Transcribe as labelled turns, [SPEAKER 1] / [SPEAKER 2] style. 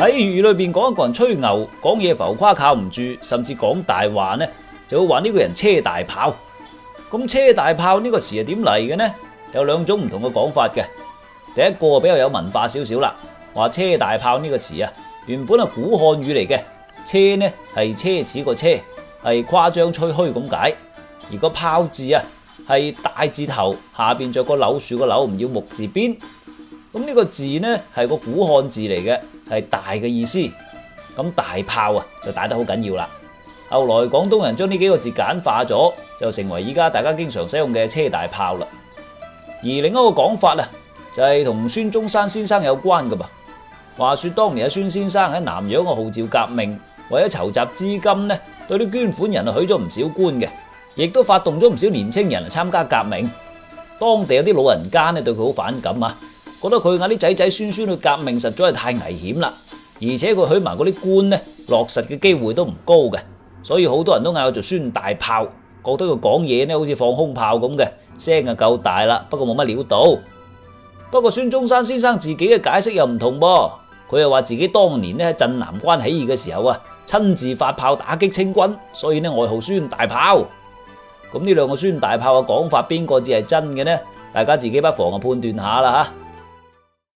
[SPEAKER 1] 喺粵語裏邊，講一個人吹牛、講嘢浮誇靠唔住，甚至講大話呢，就會話呢個人車大炮。咁車大炮呢個詞係點嚟嘅呢？有兩種唔同嘅講法嘅。第一個比較有文化少少啦，話車大炮呢個詞啊，原本係古漢語嚟嘅。車呢係奢侈個車，係誇張吹噓咁解。而個炮字啊係大字頭，下邊著個柳樹個柳，唔要木字邊。咁呢個字呢係個古漢字嚟嘅，係大嘅意思。咁大炮啊，就打得好緊要啦。後來廣東人將呢幾個字簡化咗，就成為依家大家經常使用嘅車大炮啦。而另一個講法啊，就係同孫中山先生有關噶噃。話說當年阿孫先生喺南洋嘅號召革命，為咗籌集資金呢，對啲捐款人啊許咗唔少官嘅，亦都發動咗唔少年青人嚟參加革命。當地有啲老人家呢對佢好反感啊。覺得佢嗌啲仔仔孫孫去革命實在係太危險啦，而且佢許埋嗰啲官呢，落實嘅機會都唔高嘅，所以好多人都嗌佢做孫大炮，覺得佢講嘢呢好似放空炮咁嘅，聲就夠大啦，不過冇乜料到。不過孫中山先生自己嘅解釋又唔同噃，佢又話自己當年呢喺鎮南關起義嘅時候啊，親自發炮打擊清軍，所以呢外號孫大炮。咁呢兩個孫大炮嘅講法邊個字係真嘅呢？大家自己不妨啊判斷下啦吓。